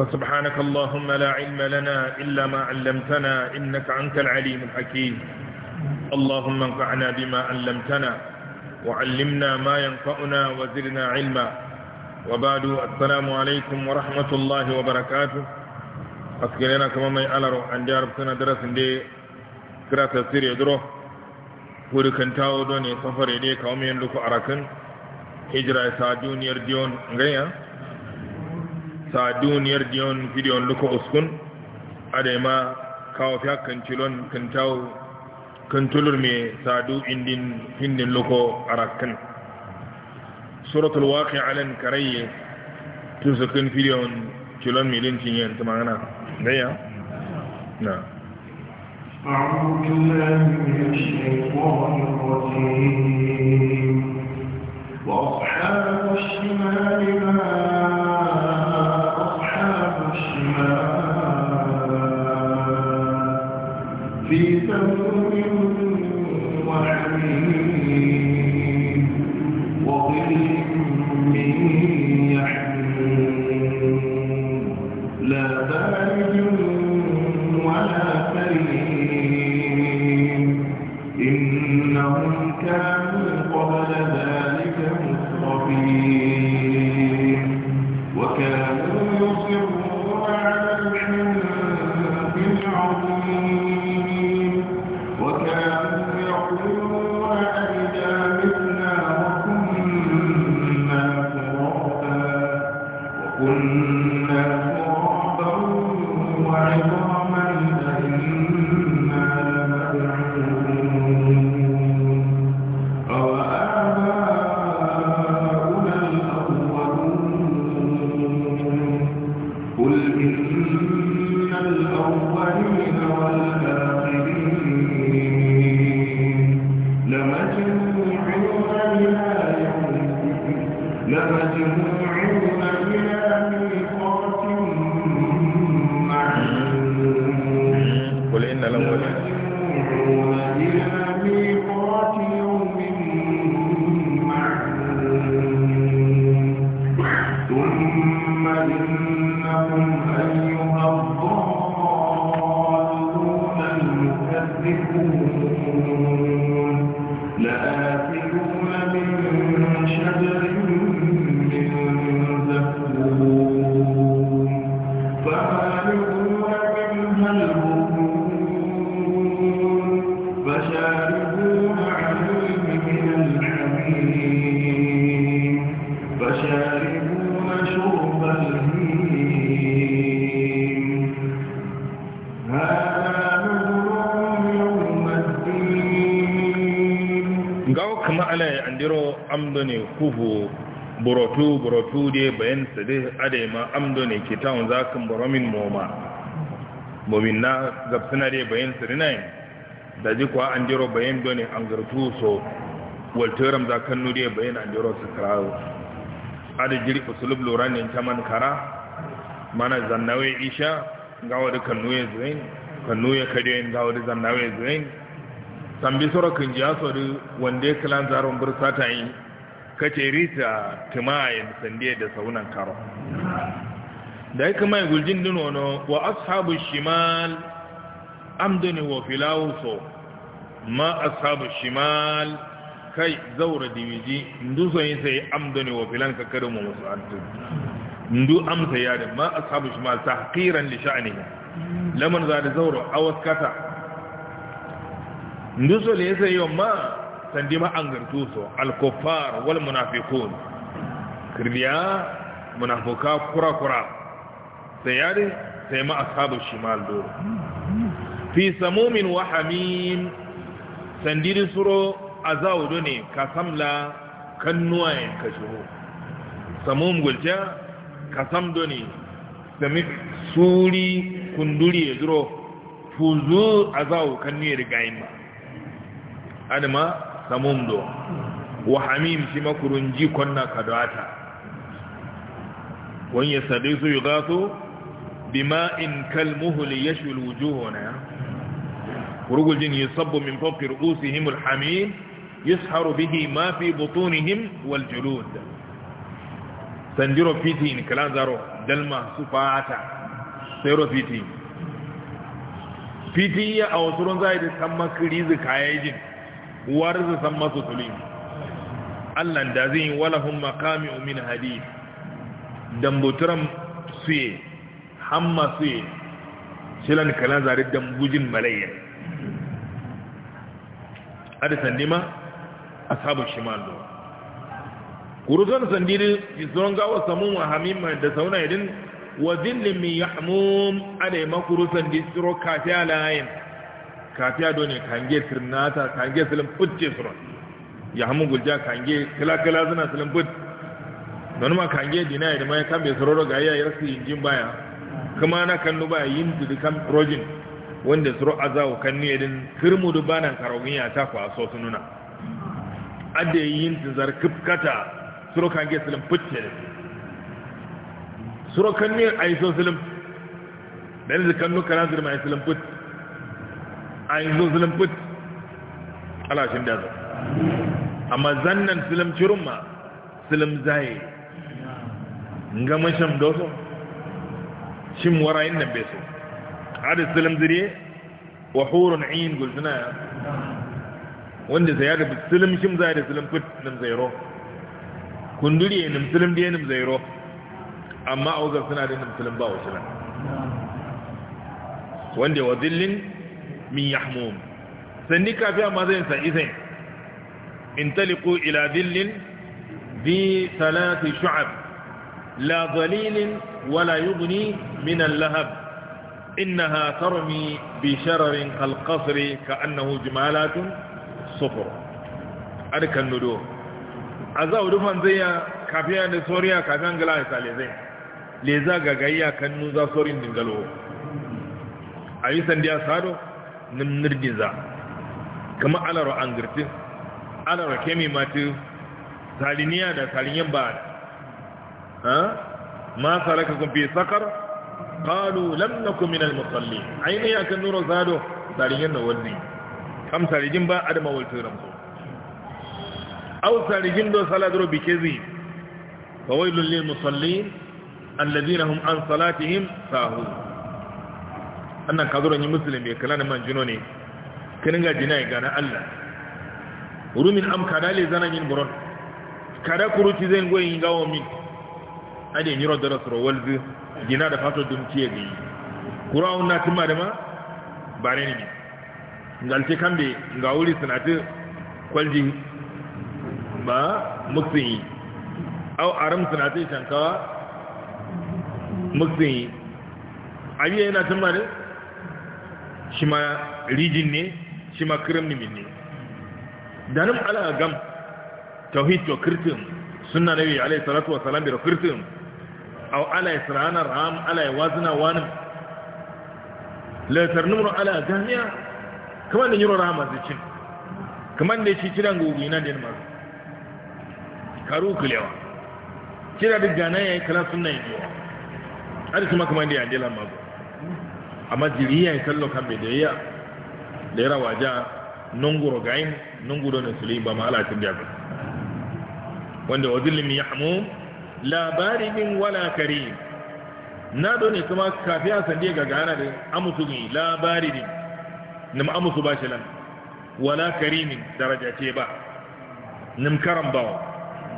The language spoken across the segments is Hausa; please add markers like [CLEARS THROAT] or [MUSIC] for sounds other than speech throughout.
فسبحانك اللهم لا علم لنا إلا ما علمتنا إنك أنت العليم الحكيم اللهم انفعنا بما علمتنا وعلمنا ما ينفعنا وزرنا علما وبعد السلام عليكم ورحمة الله وبركاته أسكننا كما ما يألروا أن جارب سنة درس دي كرا تسير يدرو كوري كنتاو دوني سفر يدي كومين لكو أراكن هجرة سادون يرديون غير yar diyon fidiyon luka uskun ma kawo fi hakan cilon kantawo kantulur mai sadu indin hindin luka arakan suratul waƙi alan karayye tun sukun fidiyon cilon milincin yin ta magana daya na أعوذ بالله من الشيطان الرجيم وأصحاب الشمال ما في سموم وعين kama ala ya andiro amdo ne kufu burotu burotu de bayan su de ade ma amdo ne ke taun za kan boromin moma momin na gabsina de bayan su rinayin da ji kuwa andiro bayan do ne an gartu so walteram za kan nude bayan andiro su karawo ada jiri usulub lura ne taman kara mana zannawe isha gawa da kannuye zuwain kannuye kadiyoyin gawa da zannawe zuwain sambi sorakin jiyasori wanda ya kalan zaron ta yi kace rita timayen sandiye da saunan karo da ya kama guljin dinono wa ashabu shimal amdani wa filawuso ma ashabu shimal kai zaura dimiji ndu son sai amdani wa filan ka karin wa musu'antu ndu amsa yadda ma ashabu shimal ta li lisha'ani lamun zaura awaskata nusol yesa yomma sandima angartuso alkuffar wal munafiqun kirbiya munafuka kura kura sai yare sai ma ashabu shimal do fi samumin wa hamim sandiri suro azawdo ne ka samla kannuwa ya kashiru samum gulta ka samdo ne sami suri kunduri ya zuro fuzu azawu kannu ya rigayin ba adama samumdo wa hamim shi makurun jikon na kadata wani ya sade su yi bima in kalmuhuli ya shulu juho na ya rugujin yi sabbo min fafir usihim alhamim yusharu bihi ma fi butunihim wal julud sanjiro fiti in kalazaro dalma sufata fata sayro fiti fiti ya awsurun zaidi ron zai da san masu tulim Allah da zai yi walahun makami umin hadi dambuturan suye hamma suye shilan kalan zari dambujin malayya ada a sabon shimal do kurutan sandiri jisoron gawa samun wa hamima da sauna idin wa zillin min yahmum adai yi distro jisiro kafi alayin kafiya do ne kange sirnata kange silim putje suron ya hamu gulja kange kala-kala zina silim put don ma kange dina ya ma kan be sororo ga ya yarsu injin baya kuma na kannu baya yin da kan rojin wanda suro azawo kan ne din turmu du banan karogin ya ta kwa so sununa adde yin tuzar kifkata suro kange silim putje ne suro kan ne so silim dan zikan nuka nazir ma silim putje Ayi yi zo zulun fit alashin zai amma zannan zulun cirin ma zulun zaye gama shan doso shin warayin nan bai so adis zulun zire wa hurun ayin gulzina wanda zai yada zulun shim zai da zulun fit nan zairo kunduri nim zulun da nim zairo amma auzar suna da nim zulun ba wa shi nan wanda wa zillin min yahmum sanni kafiya ma zai sa isai intaliqu ila dillin bi thalathi shu'ab la dhalilin wala yughni min al-lahab innaha tarmi bi shararin kal qasri ka'annahu jimalatun sufur arkan nudo azau dufan zaiya kafiya da soriya kafin gala sale zai leza gagayya kan nuza sorin dingalo a yi sandiya sado nan nirgiza kama alara an girtin alara kemi matu saliniya da saliniyan ba ma saraka kun fi sakar kalu lam na kumin al-musalli ainihi a kan nuro zado saliniyan na wani kam salijin ba adama waltu ramso au salijin do saladro bikezi fawailun lil musallin alladhina hum an salatihim sahun annan kazuran yi musulmi kala na manjino ne kinin ga jina gana Allah rumin am kada le zana yin buron kada kuruci zai goyin gawo min ade miro da rasuro walzu gina da fato dumci ya gayi kurawun na tuma da ma bare ne ngalce kambe ga wuri sanatu kwalji ba yi au aram sanatu shankawa yi abiya yana tuma da shi ma rijin ne shi ma ne danin ala gam tauhid to kirtin sunna nabi alaihi salatu wasalam bi kirtin aw ala israna ram ala wazna wan la tarnuru ala gamiya kaman ne yiro rama zicin kaman da shi cidan gogi na da masu karu kulewa kira da gana yayi kala sunna yi har kuma kaman ne ya dela mago amma jiriyan kallo kambe da a da yara waja gayin gain nunguro na suli ba ma alatin tinda ba wanda ya hamu labari min wala kari. na do ne kuma kafiya sande ga gana da amusu ne labari ne nim amusu ba shilan wala karimin daraja ce ba nim karam ba.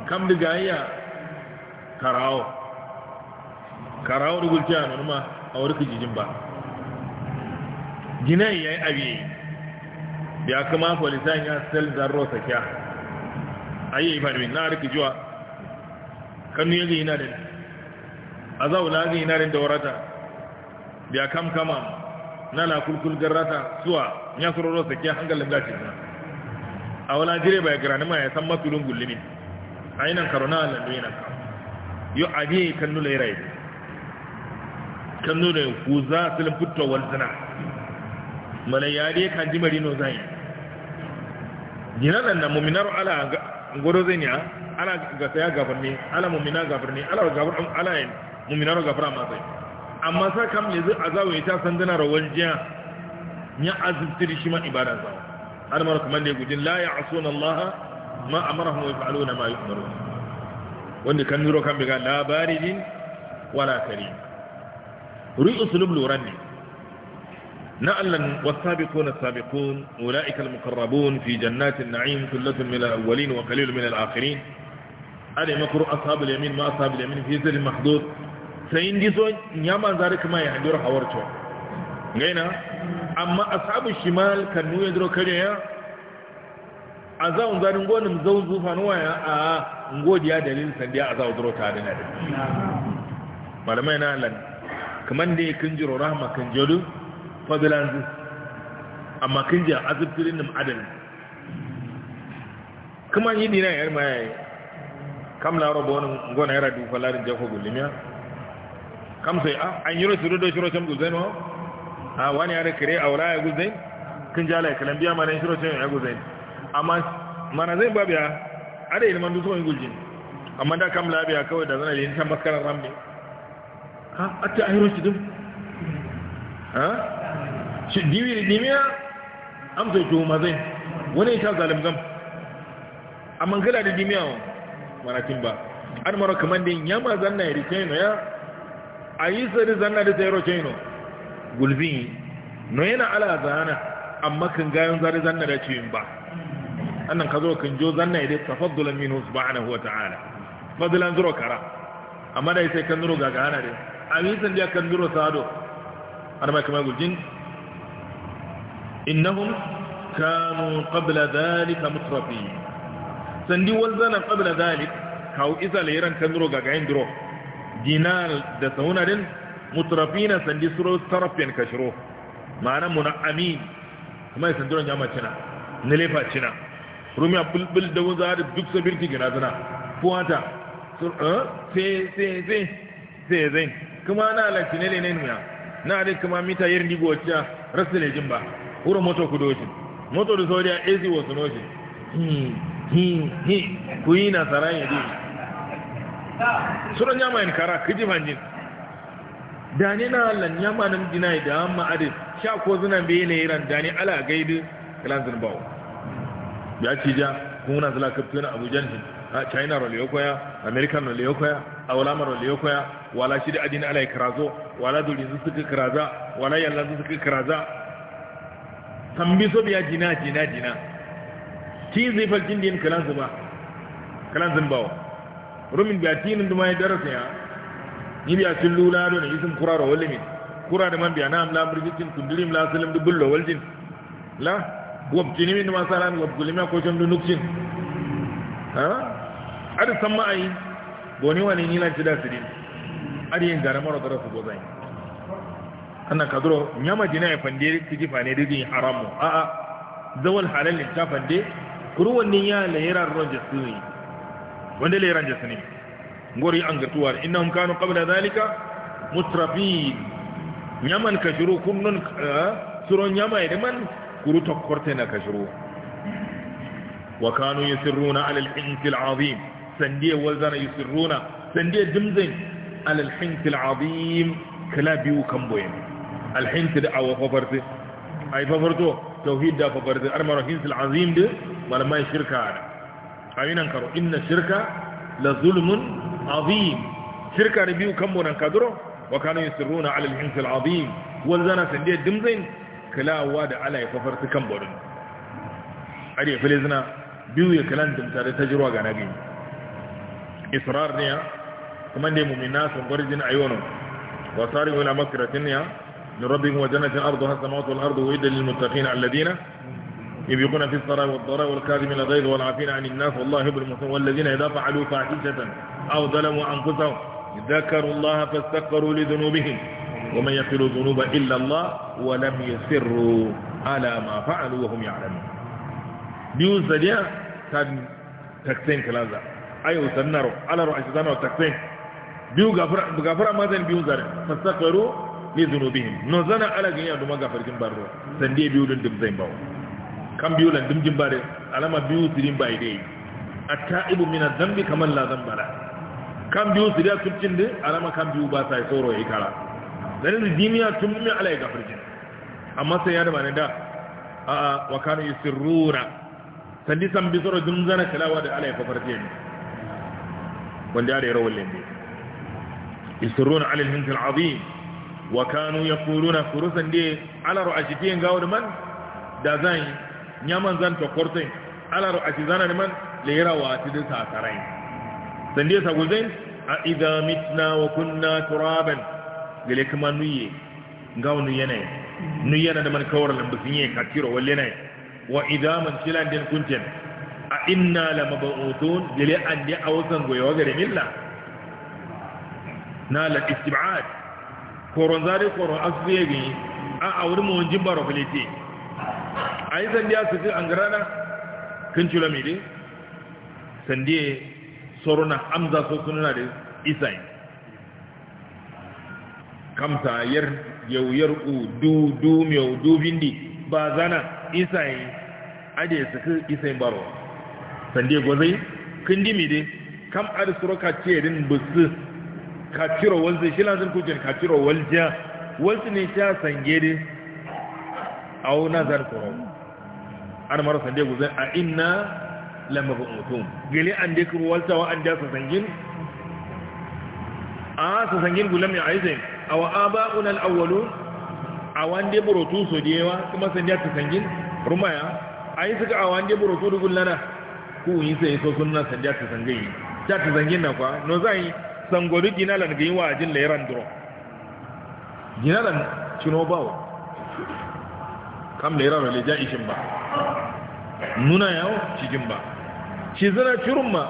kam da gayya. karawo karawo rugulciya ma a wurin jijin ba ginayi ya yi abi ya kuma polisan ya sel zarro sakya a yi ifadmin na harki juwa kanu ya gina da a zaula gina da warata ya kam kama na kulkul garrata suwa ya suroro sakya hankalin gashin na a wala jire bai girani ma ya san matulun gullumi a yi nan karuna a lalwai nan yau abiye kan nula ya rai kan nula ya kuza silin fitowar zina mana dai kan ji marino zai ginanan na muminar ala gudu zai ya ala ga saya gabarni ala mumina gabarni ala gabar ala yin muminar gabara ma zai amma sa kam ne zai azawai ta sanduna rawar jiya ya azubtir shi ma ibada zawo har mara kuma ne gudun la ya asuna Allah ma amarahum wa yaf'aluna ma yu'marun wanda kan nuro kan biga labarin wala kari ru'usul luran ne نعلا والسابقون السابقون أولئك المقربون في جنات النعيم ثلة من الأولين وقليل من الآخرين ألي مكر أصحاب اليمين ما أصحاب اليمين في سر محدود سينديسو يما ذلك ما يحضر حورته غينا أما أصحاب الشمال كانوا يدروا كريا أزاون ذلك نقول نمزون زوفا نوايا آه نقول يا دليل سنديا أزاو دروا تارنا مالما ينعلا كمان دي كنجر رحمة كنجلو fadilanzu amma kin ji azubtirin nim adalin kuma yi dina yar mai kam la robo wani gona yara dufa larin jafo gulimiya kam sai a ah, an yi rasu rudo shiro can guzain wa a ah, wani yara kire a wura ya guzai kin jala ya kalambiya biya mana shiro can ya guzai amma mana zai babiya ada ilman dusu wani gujin amma da kam labiya kawai da zana lini can maskarar rambe ha a ta ayyar shi dum ha shi diwi dimiya amsa to mazai wani ta zalim gam amma gala da dimiya maratin ba an mara kaman din ya ma zanna ri kaino ya ayi sari zanna da tsayro kaino gulbi no yana ala zana amma kan gayon zari zanna da ciwin ba annan ka zo kan jo zanna da tafaddulan minhu subhanahu wa ta'ala fadlan zuro kara amma dai sai kan zuro gaga hana dai ayi san da kan zuro sado har ma kamar guljin innahum kanu qabla dhalika mutrafi sandi walzana qabla dhalik kaw iza leran kandro ga gain dro dinar da sauna din mutrafina sandi suro tarafian kashro ma'ana muna'amin kuma ya sandiro nyama cina ne lefa cina rumi bulbul da wuza da duk sabirti gina zana fuwata sai sai sai sai zai kuma na alaƙi ne ne ne na dai kuma mita yin digo wacce rasa lejin ba wuro moto ku doshi moto da a ezi wasu noshi hi hmm, hmm, hmm, ku yi na saran yadi suran yama yin kara kaji manjin da ne na lan yama nan dina da amma ade sha ko zina bai na iran da ala gaidu kalanzin bawo ya ci ja kuna zala kaftuna a china rol yokoya american a yokoya rolle ya koya wala shi da adini ala ikrazo wala dole su suka kraza wala yalla su suka kraza tambi so biya jina jina jina ti zai falcin din kalan zuba kalan zumbawa rumin biya tinin duma ya darasa ya ni biya sun lula do ne isin kura da wallimi kura da man biya na amla birgitin kundulim la salim du bullo waljin la wabjini min ma salan wabgulima ko jam du nuksin ha ada samma ai goni wani ni lan tida sidin ari en da darasu gozai annan kadro nyama jina ya fande tiji fane didi haramu a a zawal halal ne ta fande kurwan ne ya lahira ron ne, wanda lahiran jasuni ngori an gatuwa innahum kanu qabla zalika mutrafin nyaman kashuru kunnun suro nyama ya man kuru tokkorte na kashuru wa kanu yusirruna ala al-hinsi al-azim sandiya walzana yusirruna sandiya dimzin ala al-hinsi al-azim kala biyu kan boyen alhinti da awa fafarti ai fafarto tauhid da fafarti armar hinsil azim da malamai shirka da aminan karo inna shirka la zulmun azim shirka da biyu kan munan kaduro wa kanu yusirruna ala alhinsil azim wal zana sande dimzain kalawa da ala ya fafarti kan borin ariya filizna biyu ya kalan dimta da ta tajirwa ga nabi israr ne ya kuma da mummina sun gwarjin ayyano wasari wani ne ya من ربهم وجنة أرضها السماوات والأرض وإذا للمتقين الذين يبيقون في السراء والضراء والكاذب من الغيظ والعافين عن الناس والله يحب المحسنين والذين إذا فعلوا فاحشة أو ظلموا أنفسهم ذكروا الله فاستغفروا لذنوبهم ومن يغفر الذنوب إلا الله ولم يسروا على ما فعلوا وهم يعلمون ديو سديا كان تكسين كلازا أيو سنرو على رؤى شدانو تكسين ديو غفر غفر زين ديو زارين فاستغفروا Ni dhunubihim no zana ala ganya duma ga farkin san dai biyu din dim zain bawo kan biyu lan dim jin bare alama biyu sirin bai dai ataibu min adambi dhanbi kaman la zambara kan biyu siriya tuncin din alama kan biyu ba sai e soro yayi e kara dan dimiya tun mi ala e gafarkin amma sai ya da bane da a wa kana yusirruna sandi san bi soro dum zana kalawa da ala ya farkin wanda ya da rawallin dai يسرون على الهند azim wa kanu yaquluna furusan de ala ru'ajidin gawr man da zan nyaman zan to korte ala ru'ajizana man le yarawa tidin sasarai sande sa guzai a idza mitna wa kunna turaban gele kuma nuye gaw nu yana nu da man kawar lambisin yi katiro walle ne wa idza man kilan din kuncin? a inna la mab'utun gele an a awsan goyo gare milla na la istib'ad koron zari koron asuye gini a a wurin mawon jimba rafilite a yi sandiya su fi an na kan cula mai dai sandiya na amza so na da isai kamta yar yauyar u du du miyau du bindi ba zana isai ade su fi isai baro sandiya gwazai kan dimi dai kam arisuroka ce din busu katiro walze shi lazim jin katiro walja walse ne sha sangere au nazar ko an mara sande guzai a inna lamar mutum gili an da kiro walta wa an da sa sangin a sa sangin gulam ya aizai a wa aba'un al-awwalu a wanda burutu so da yawa kuma sanda ta sangin rumaya a yi suka a wanda burutu dugun lana ku yi sai so sunna sanda ta sangin ta ta na kwa no zai sangori dinalan ga yi wa ajin lairan duro dinalan cino bawo kam lairan rale ja ishin ba nuna yawo cikin ba shi zana cirin ma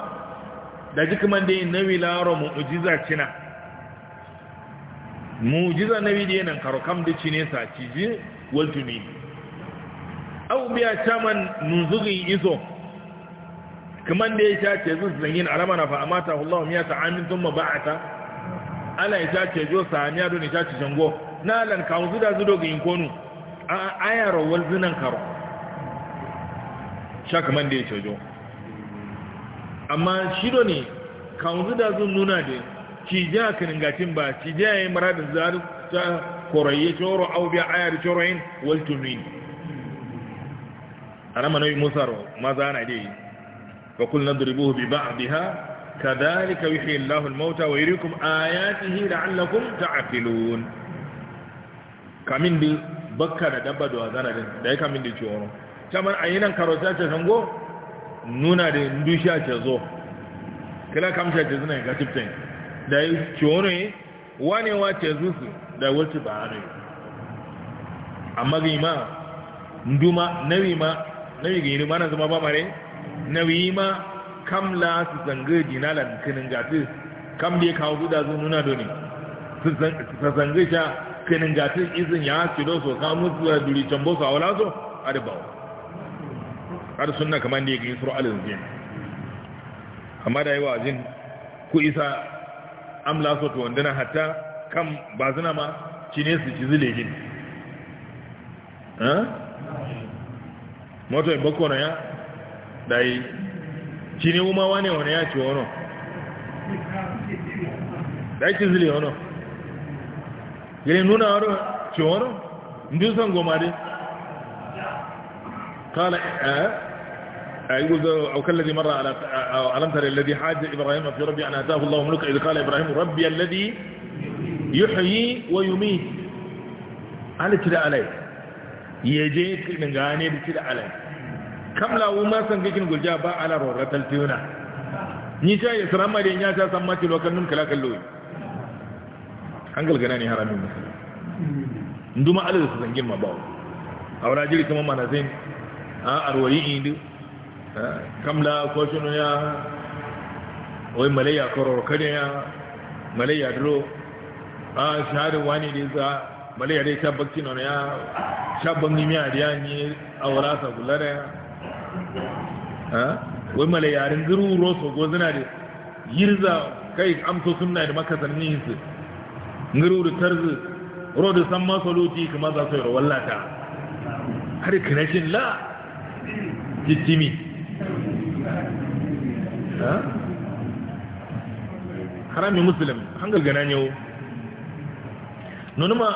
da ji kuma dai nawi laro mu'ujiza cina mu'ujiza nawi dai nan karo kam da cine sa ciji waltuni au biya caman nunzugin izo kaman da ya shace zu zangin na fa amata Allahu miya ta amin thumma ba'ata ala ya shace jo samiya don ya shace jango na lan ka zu da zu dogo in konu a ayaro wal zinan karo sha kaman da ya shojo amma shi do ne ka zu da zu nuna da ki ja kan gatin ba ki ja yayin maradin zaru ta koraye choro au bi ayar choroin wal tumin aramana yi musaro maza na dai fa kullu nadribuhu bi ba'dihha kadhalika yuhyi Allahu al-mauta wa yuriikum ayatihi la'allakum ta'qilun kamin di bakka da dabba da wazana da ya kamin di ciwo kamar ayinan karota ta sango nuna da ndusha ta zo kila kamsha ta zuna ga tiptain da ya ciwo ne wane wa ta da wata ba ne amma ga ima nduma nawi ma nawi ga yi mana zama ba mare nawima kam la su zanga jina la kinin gati kam da ya kawo guda zun nuna doni su zanga sha kinin gati izin ya ci do so ka musu da duri tambo su awala so a da bawo har sunna kamar da ya gani sura al-zin amma da yawa jin ku isa amla so to wandana hatta kam ba zina ma cine su ci zile jin eh moto ya dai chini uma wane wanayachi ono dai chizili ono yele nuna aro chono ndusa ngomade قال أو كالذي مر على ألم تر الذي حاج إبراهيم في ربي أن أتاه الله ملك إذ قال إبراهيم ربي الذي يحيي ويميت أنا كده عليه يجيك من غاني بكده عليه kam lawu ma san gikin gulja ba ala roratal tiyuna ni ta ya sara mare ya ta san maki lokan nun kala kallo an galgana ne haramin musulmi nduma ala su zangin ma bawo a wani jiri kuma mana sai a arwari indu kamla ko shinu ya wai malayya karo kare ya malayya duro a shahadar wani da za malayya dai shabakci na ya shabban nimiya da ya ni a wurasa ya wai male yarin ziru roso go zina da yirza kai amso sunna da maka zanni su ngiru da tarzi ro da san ma soluti kuma za su yi wallata har kanashin la jittimi harami muslim hangal gana ne nonuma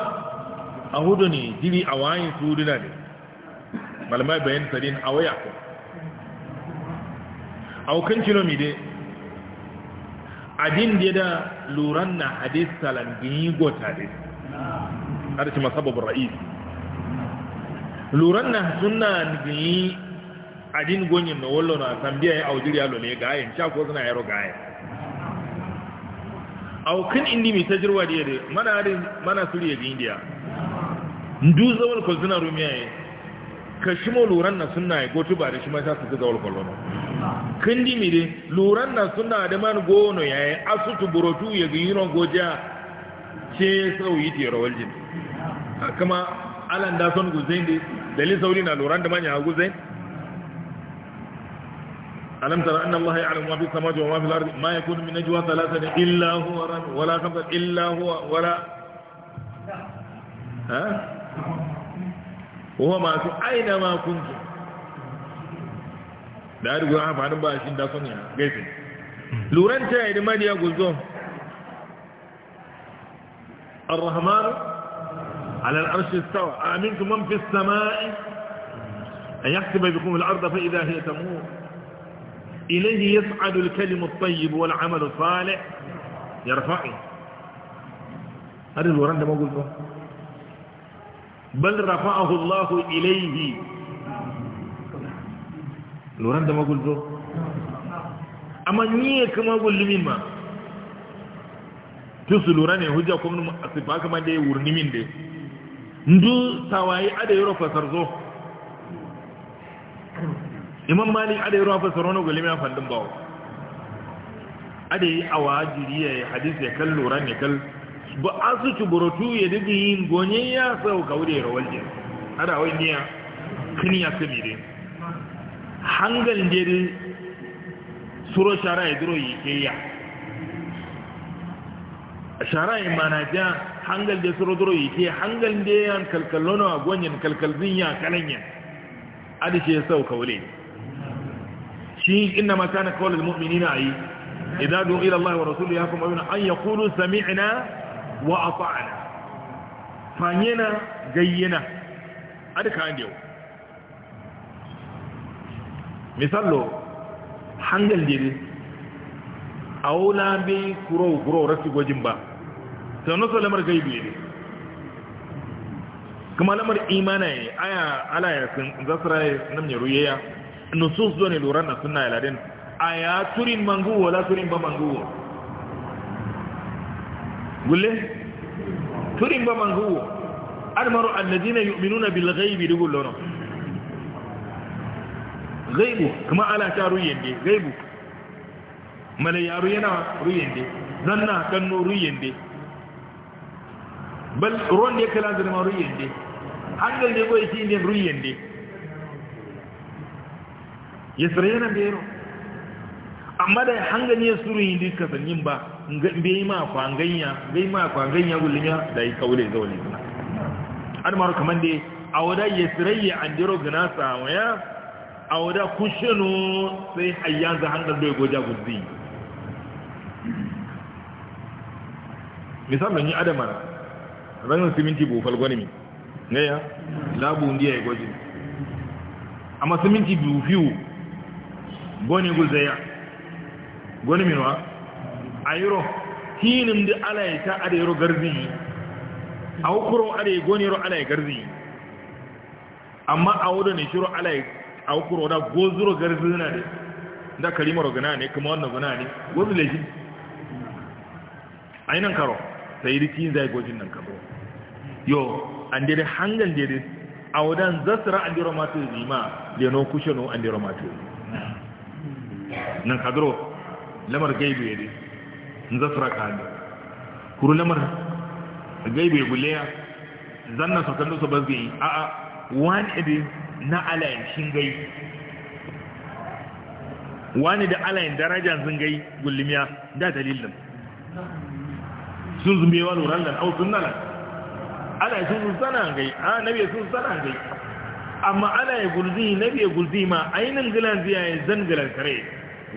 a hudu ne jiri a wayin su duna ne malamai bayan sarin a waya aukan kilomi dai adin da da luran na hadis salam gini gota dai arci masababin ra'is luran na suna gini adin gonyin na wallo na sambiya ya ne lole gayen shako suna yaro gayen aukan indi mai tajirwa da yare mana suriya gini diya ndu zawal kwal suna rumiya ya kashi ma luran na suna ya gotu ba da shi ma sha su zawal kwallo na kendi mire luran na suna da man gono ya yi asutu burotu ya ga yiron goja ce sauyi ti rawal jin kama alan da son guzain da dalil sauri na luran da manya guzain alam tara anna allaha ya'lamu ma fi samawati wa ma fil ardi ma yakunu min najwa thalathatin illa huwa ram wala khamsa illa huwa wala ha huwa ma fi aina ma kuntum da ya rigoyon hafa الرحمن على الأرش استوى أمنتم من في السماء أن يحسب بكم الأرض فإذا هي تموت إليه يصعد الكلم الطيب والعمل الصالح يرفعه هذا الوران ما قلته بل رفعه الله إليه loran da magulzo amma ni ya kama gullumin ma tun su lura ne hujja kuma a sifa kama da ya wurni min da ndu tawaye ada yaro fasar zo imam malik ada yaro fasar wani gullumin a fandin bawo ada yi awa jiriya ya hadis ya kan lura ne kal ba a su cuburutu ya dubi yin gonye ya sau kawo da ya rawar jiya ada wani ya kini ya kami dai hangal jeri suro shara idro e yikeya shara imanaja e hangal je suro yi ke hangal je yan kalkallono agonyen kalkalzin ya kalanya adi ce sau kawle shi inna ma kana qawlul mu'minina ay idza du'a ila Allah wa ya yakum ayuna an yaqulu sami'na wa ata'na fanyena gayyena adi ka andewa misallo hangal jiri awla bai kuro kuro rasi gojin ba sanu so lamar gaibi ne kuma lamar imana ne aya ala ya sun zasra nam ne ruyayya nusus do ne lura na sunna ya laden aya turin mangu wala turin ba mangu gulle turin ba mangu almaru alladina yu'minuna bil ghaibi dugulono gaibu kuma ala ta ruyen de gaibu malayaru yana ruyen de zanna kanno ruyen de bal ron de ya kala zama ruyen de hangal de ya goyi shi ne ruyen de ya tsira yana da amma da hangal ne suru yin da kasanyin ba bai ma kwanganya bai ma kwanganya gullinya da ya kaule zaune an maru kamar da a wada ya tsirayya an dero gina samu ya a wada kushinu sai hayyan za hannun doyi goja guzi misalin yi adamar ranar siminti fal gwanimi ne ya labu ndiya ya goji amma siminti bufiyu gwani guzaya gwanimi wa a yiro tinin da ala ya ta ada yiro garzi a hukuron ada ya gwani yiro ala ya garzi amma a wadda ne shiro ala ya aw kuro da gozuro na ne da kalima gana ne kuma wannan guna ne gozule shi ainihin karo sai riki zai gojin nan karo yo an dai hangal dai wadan zasra an dira matu zima leno kushano an dira matu nan kadro lamar gaibu gaibe zasara ka kadi kuru lamar gaibu gaibe guleya zanna sakando so bazgi a a wani ɗi na alayin shingai wani da alayin darajan zingai gullumiya da dalilin sun zumbe wa luran da au sun nana alayin sun sana gai a nabi sun sana gai amma alayin gulzi nabi gulzi ma ainin gilan ya zan gilan kare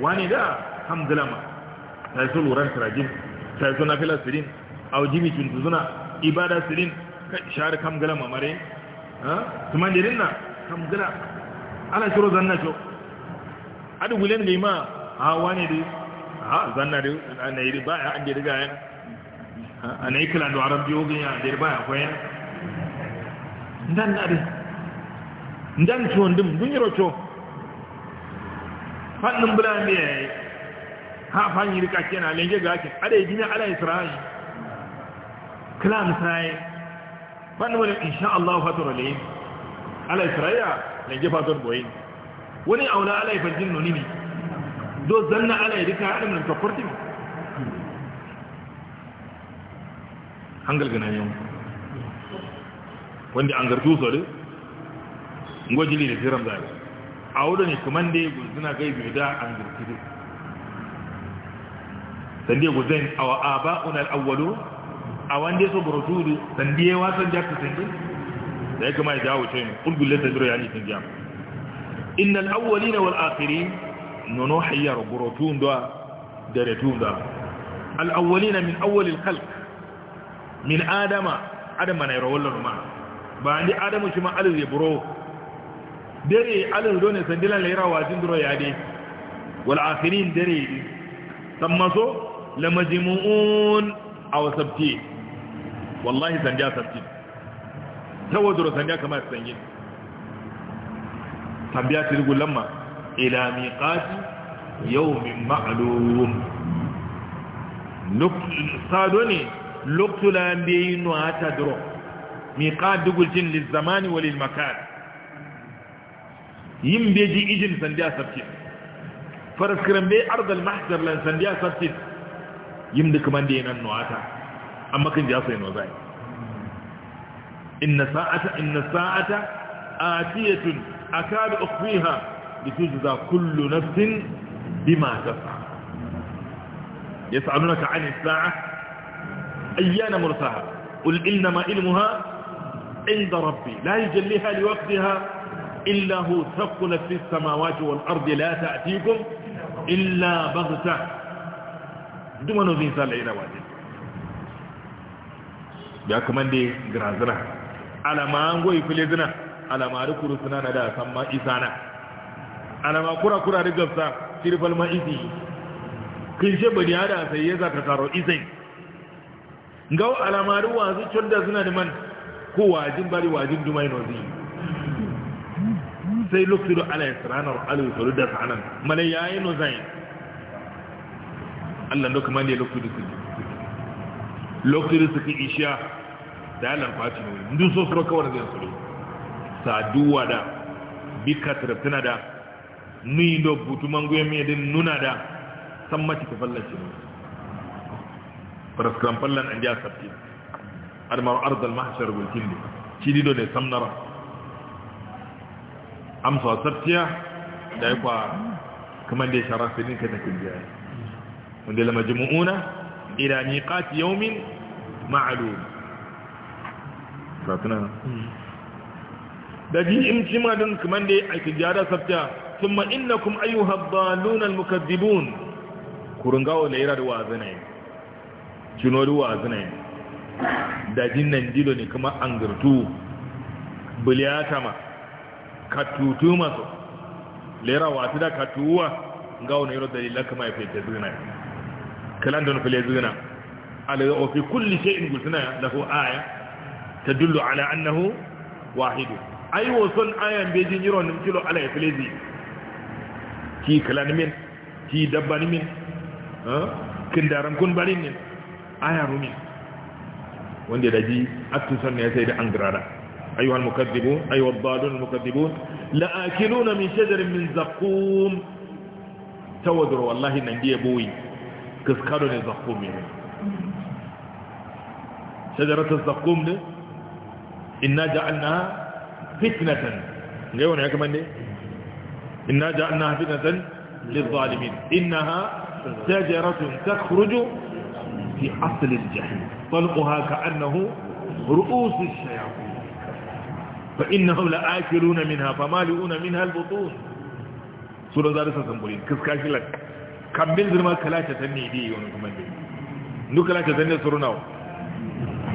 wani da hamdulama sai su luran turajin sai suna filasirin au jimi cuntuzuna ibada sirin shahar kam gilan mamare na kamgina ala shiro zanna sho adu gulen da ma. a wani da ha zanna da ana yi ba ya an da riga yan ana yi kila da arab biyo ganya da ba ya kwaya ndan na da ndan sho ndim dunyiro sho fannin bulan da ya yi ha fanyi rika kena lenge ga ake ada yi jini ala isra'i kila misra'i fani wani insha Allah fatura ne ala isra'iya na ji fatar boye wani auna ala ifajin nuni ne do zanna ala yi duka haɗin nan kwakwarti ne an galgana yau wanda an gartu sori ngwajili da siram zai a wuda ne kuma ne guzina gaibe da an gartu sande guzin awa aba'unar awwalo A awandeso borotudu sandiye wasan jakta singi da ya kama ya jawo ce ne ƙulgulle ta jiro ya ni sun jam innal awwali na wal akiri nono hayyar borotun da dare retun da al'awwali na min awwalil khalq min adama adama na yarawar laruma ba ni ji adamu shi ma alil ya buro dare alil dole sandilan laira wajen duro ya dai wal akiri dare sammaso lamajimu'un aw sabti والله سنجا سبتين توجر سنجا كما سنجين تنبيات يقول لما إلى ميقات يوم معلوم صادوني لقت الأنبياء وأتدرو ميقات يقول جن للزمان وللمكان yin bai ji ijin sandiya sarki farskiran bai أرض mahajar لان sarki yin duk mandi nan نواتا amma kan ji afa yin wazai inna sa'ata inna sa'ata atiyatun akadu ukhfiha litujza kullu nafsin bima tas'a yas'alunaka 'ani as-sa'ah ayyana mursaha qul innama ilmuha 'inda rabbi la yujalliha liwaqtiha illa hu thaqulat fis samawati wal ardi la ta'tikum illa baghta duma no zin sala ila wajhi ya kaman da grazina alama an goyi zina alama da kuru suna na da san ma na alama kura kura da gafsa shirfal ma isi kin ce bani hada sai ya zaka taro isai gau alama da wazu cun da suna da man ko wajin bari wajin dumai zai sai lokacin da ala isra'anar alu sulu da sanan mana na zai Allah da kuma ne lokacin da su lokacin da suka isha dalan fati ne mun so suro kawar zai suro saduwa da bika tana da ni do butu mangu mi din nuna da sammati ka fallace ne paraskram fallan an ja sabti armar ard al mahshar wal kindi di do ne samnara amsa sabtiya da kwa kamar da sharafin ka take jiya. wanda la majmu'una ila miqat yawmin ma'lum satuna hmm. da jin imci ci madan kaman da ake jara sabta thumma innakum ayyuha ad-dallun al-mukaththibun kurungawo ne yara da wazana ne cino da wazana ne da jinnan dilo ne kuma an girtu buliyata ma katutu maso lera wata da katuwa gawo ne yaro dalilan kuma ya fete zina kalandon fele zina ala fi kulli shay'in ya? lahu aya tadullu ala annahu wahidu ay son ayan be jin yiro nim kilo ala iflezi ki kalan min ki min aya rumi wanda da ji attu san ne sai da an girada ayyuha al-mukaththibun ayyuha ad-dallun al-mukaththibun la'akiluna min shajarin min ne إنا جعلنا فتنة جاءون يا كمان دي إنا جعلنا فتنة للظالمين إنها شجرة تخرج في أصل الجحيم طلقها كأنه رؤوس الشياطين فإنهم لآكلون منها فمالئون منها البطون سورة دارسة سنبولين كسكاشي لك كم بلزر ما كلاشة تنيدي ونكمل دي نو كلاشة تنيدي سورة ناو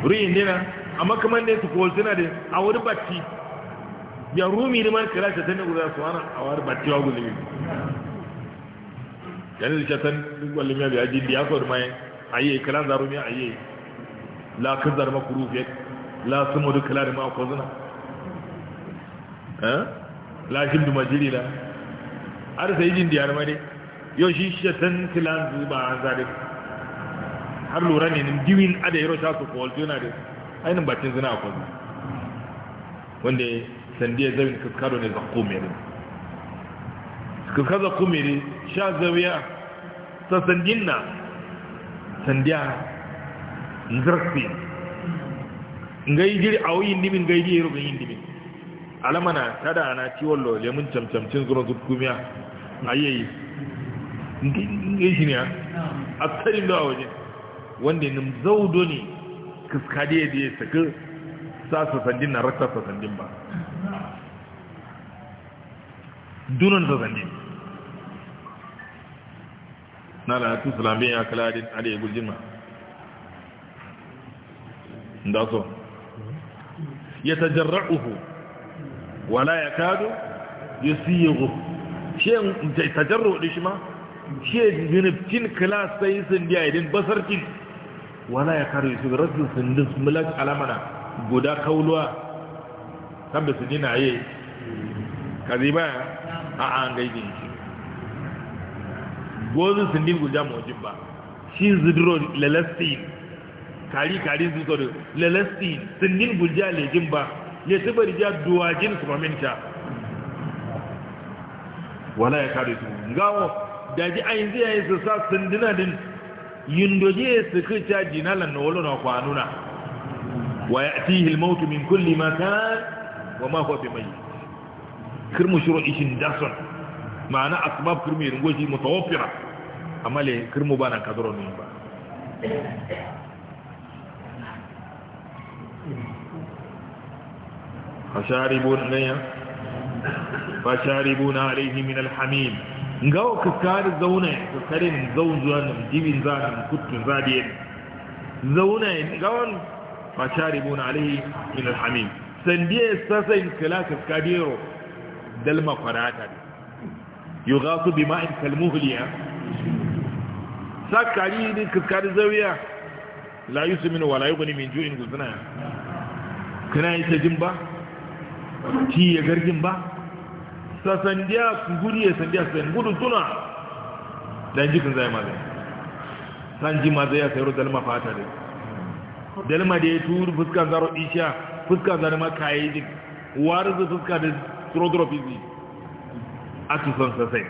رئي amma kamar ne su kowace na da a wani batti ya rumi da man kira shatan guda su wani a wani batti wa gulmi yanin shatan gulmi ya biya jindi ya kawar mai ayi kalan zarumi ayi la kan zarma kurufiyar la sumo da kala da ma kwazina eh? la shi da majiri la har sai jindi ya rama dai yau shi shatan kilan zuba an zare har lura ne diwin adayar shasu kowace na da ainihin bakin zina a kwanza wanda sandiyar zaune kaskaro ne zakko mere kaskar zakko mere sha zawiya ta sandin na sandiya zarfi ngai jiri a wuyin dimin ngai jiri rubin yin dimin alamana tada ana ciwon lo lemun camcamcin zuwa zubkumiya a yayi ngai shi ne a tsarin da a waje wanda nim zaudo ne kaskade da ya saka sa sasandin na rasa sasandin ba dunan sasandin na lalatu sulamin ya kala adin adai gujima da so ya jarra'uhu wala ya kado ya siye shi tajarra'u da shi ma shi zunubcin kila sai sun biya idin basarcin wala ya kare su da rasul sindin mulak alamana guda kauluwa sabda su dina yi ba a an gaidin shi gozu sindin guda mojin ba shi zidro lalastin kari kari zidro lalastin sindin guda lejin ba ne su bari ja duwajin su maminta wala ya kare su gawo da ji ayin zai yi su sa sindina din يندجي سكتا جنالا نولو قانونا ويأتيه الموت من كل مكان وما هو بمي كرمو شروع إشن درسون معنى أسباب كرمي يرنجوشي متوفرة أما لي كرمو بانا كدرون يبا فشاربون عليه فشاربون عليه من الحميم ngawo ka kare zauna ka kare min zaun zuwa nan dibin za nan kuttun za da yin zauna yin gawon ba share bona alaihi min alhamim sandiya in kala ka kadiro dalma farata yughasu bima'in kalmuhliya sakari ne ka kare zawiya la yusmin wala yughni min ju'in guzna kana yi ta jimba, ba ti ya gargin ba sasandiya guri ya sandiya sayan gudu tuna dan jikin zai ma zai san ji ma zai ya sayar dalma fata dai dalma da ya turu fuska zaro isha fuska zaro ma kayi jik wari zai fuska da trodrop izi a tusan sasai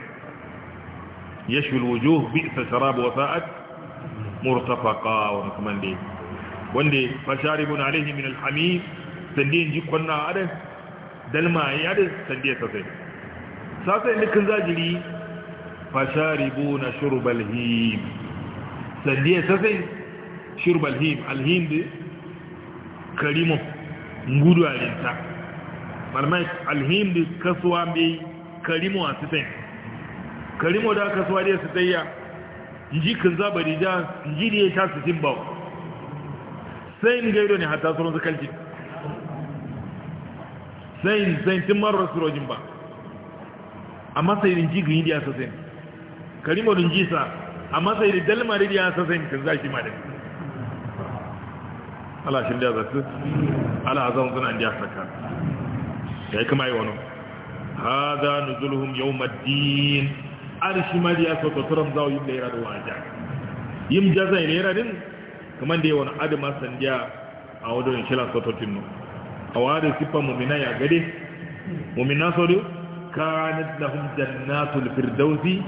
ya shulwujo bi isa sharabu wa sa'ad murtafaka wani kuma dai wanda fasharibun alaihi min alhamid sandiyan jikon na adai dalma ya da sandiya sasai sasa inda kin zagiri fasharibu na shurbal him sandiya sasa shurbal him alhind karimo ngudu alinta marmai alhind kasuwa mai karimo a sitai karimo da kasuwa da su tsayya inji kin zabari da inji da ya ta su timbau sai in gaido ne hata surun zakalci sai in sai timar rojin ba amma sai rin ji gin dia sasen karimo rin ji sa amma sai rin dalma rin kan za shi ma da ala shin da zasu ala azan da ya saka sai kuma yi wani hada nuzuluhum yawmaddin arshi ma da so to turan zawo yin da ya da waja yin jaza ne ira din kuma da wani adama sandiya a wadon shila sototin no a wadon siffar mumina ya gade mumina so kanat lahum jannatul firdausi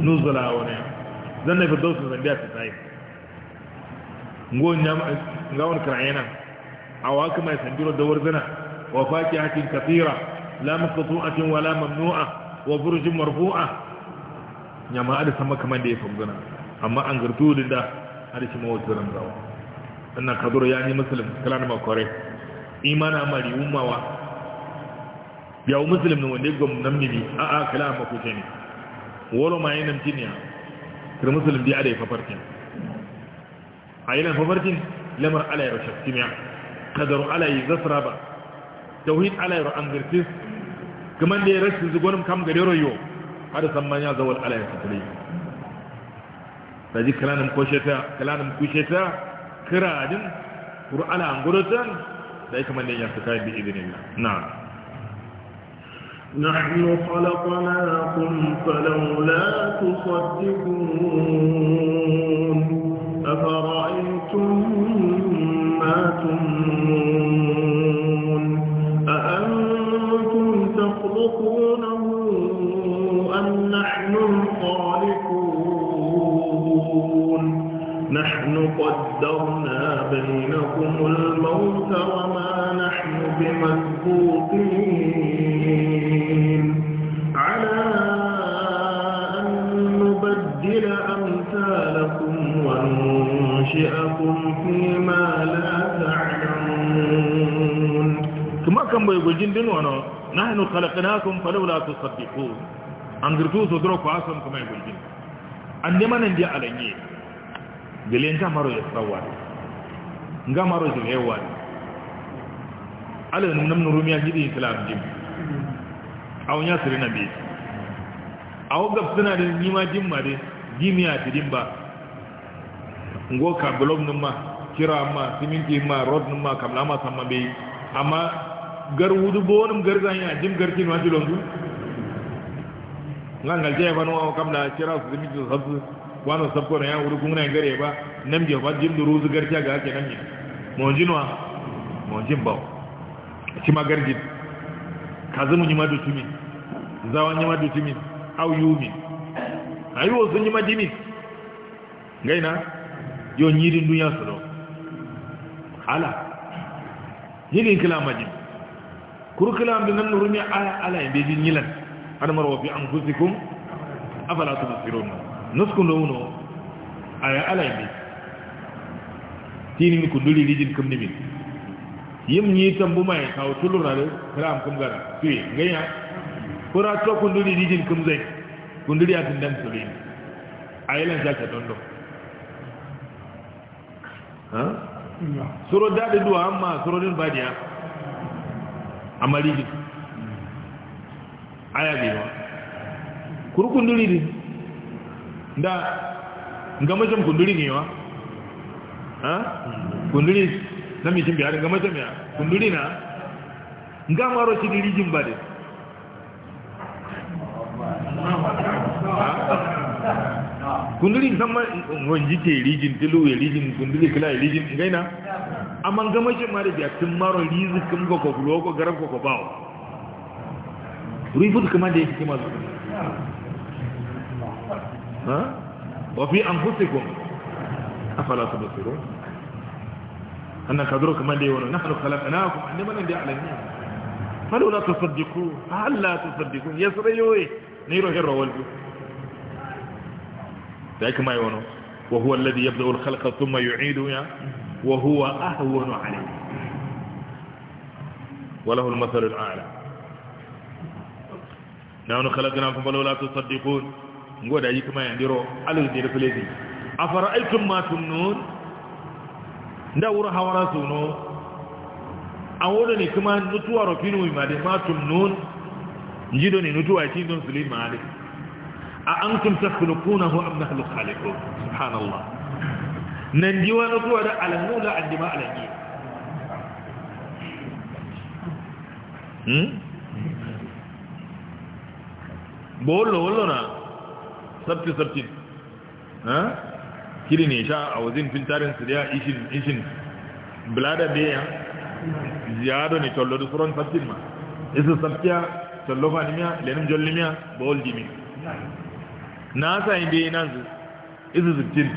nuzula wa ne zanna firdausi zan biya ta tsaye ngon ya ga wani karayana awa kuma ya sanjiro da warzana wa fakihatin kathira la maqtu'atin wa la mamnu'a wa burjin marfu'a nyama ada sama kaman da ya fanzana amma an gartu da ada shi mawazzaran rawa annan kaduro ya imana mari biyawo muslim ne wanda gwam nan bibi a a kala amma ko ne wolo ma yin namtin ya kir muslim bi adai fafarkin a yi nan fafarkin lamar ala yau shaktimiya kadaru ala yi zasra ba tauhid ala yau an zirtis kuma da ya rashin zugonin kam gare rayo har san manya zawal ala yau shaktimiya da ji kalanin kusheta kalanin kusheta kiradin qur'ana an gurutan da ya kamar da ya saka bi idinillah na'am نحن خلقناكم فلولا تصدقون أفرأيتم ما تمنون أأنتم تخلقونه أم نحن الخالقون نحن قدرنا بينكم الموت وما نحن بمسبوقين bai gujin din wano nahnu khalaqnakum falawla tusaddiqun an girtu so dro ko asom kuma mai gujin an de manan dia alanye gelen ta maro ya yasrawa nga maro jilewa ala nam rumiya gidi islam jim awon ya na bi awon gab suna da nima jimma de jimiya ti dimba ngo ka blog numa kira ma siminti ma rod numa kamla ma samma bi amma gar wudu bonum gar ganya dim gar kin wati londu ngangal je banu o kamna kira su mi ju sabu wano sabko na ya wudu kunna gare ba nam je ba jim du ruzu gar ta ga ke nam ni mo jinwa mo jin bawo ci magar jin kazumu ni madu tumi zawan ni ma madu tumi au yumi ayo zun ni madimi na? yo nyiri dunya solo ala hilin kila majin. kurkula bi nan nurumi ala ala be jin yilan adamar wa fi anfusikum afala tubsirun nuskun do uno aya ala be tini mi kunduli lijin kam ni yim ni tambu mai taw tulura le kram kum gara fi ngaya kura to kunduli lijin kam zai kunduli atin dan tulin ayelan ja ta dondo ha suro dadi duwa amma suro din badiya amariji ayabewa kurkunduri ne da gamashin kunduri ne wa kunduri na mishin biyar gamashin ya kunduri na gamaro shi dirijin ba da kunduri ma wanji ke rijin tilu ya rijin kunduri kila ya e rijin gaina amma ga mace mara biya tun maro rizikin ga kokulo ko garan ko bawo rifut kuma da yake zuwa ha wa fi an anfusikum afala tubsirun annan kadro kuma da yawo nahnu khalaqnakum an nan da alanni فلولا تصدقون هل لا تصدقون يسريوه نيرو هيرو والجو ذلك ما يونه وهو الذي يبدأ الخلق ثم يعيده ya وهو أهون عليه وله المثل الأعلى نحن خلقناكم فلولا تصدقون نقول أيك ما يندروا على الدين فلذي أفرأيتم ما تمنون ندور حوراسونو أولني كما نتوى رفينو إمالي ما تمنون نجدني نتوى يتين سليم عليه أأنتم تخلقونه أم نخلق الخالقون سبحان الله nan ji wani kuwa da alamu da an jima alamu hmm? ba wallo na sabti sabti ha kiri ne sha a wazin filtarin su da ishin ishin blada da ya ziyado ne tollo da suron sabtin ma isa sabtiya tollo fanimiya lenin jollimiya wallo jimi na sa inda yi nasu isa sabtin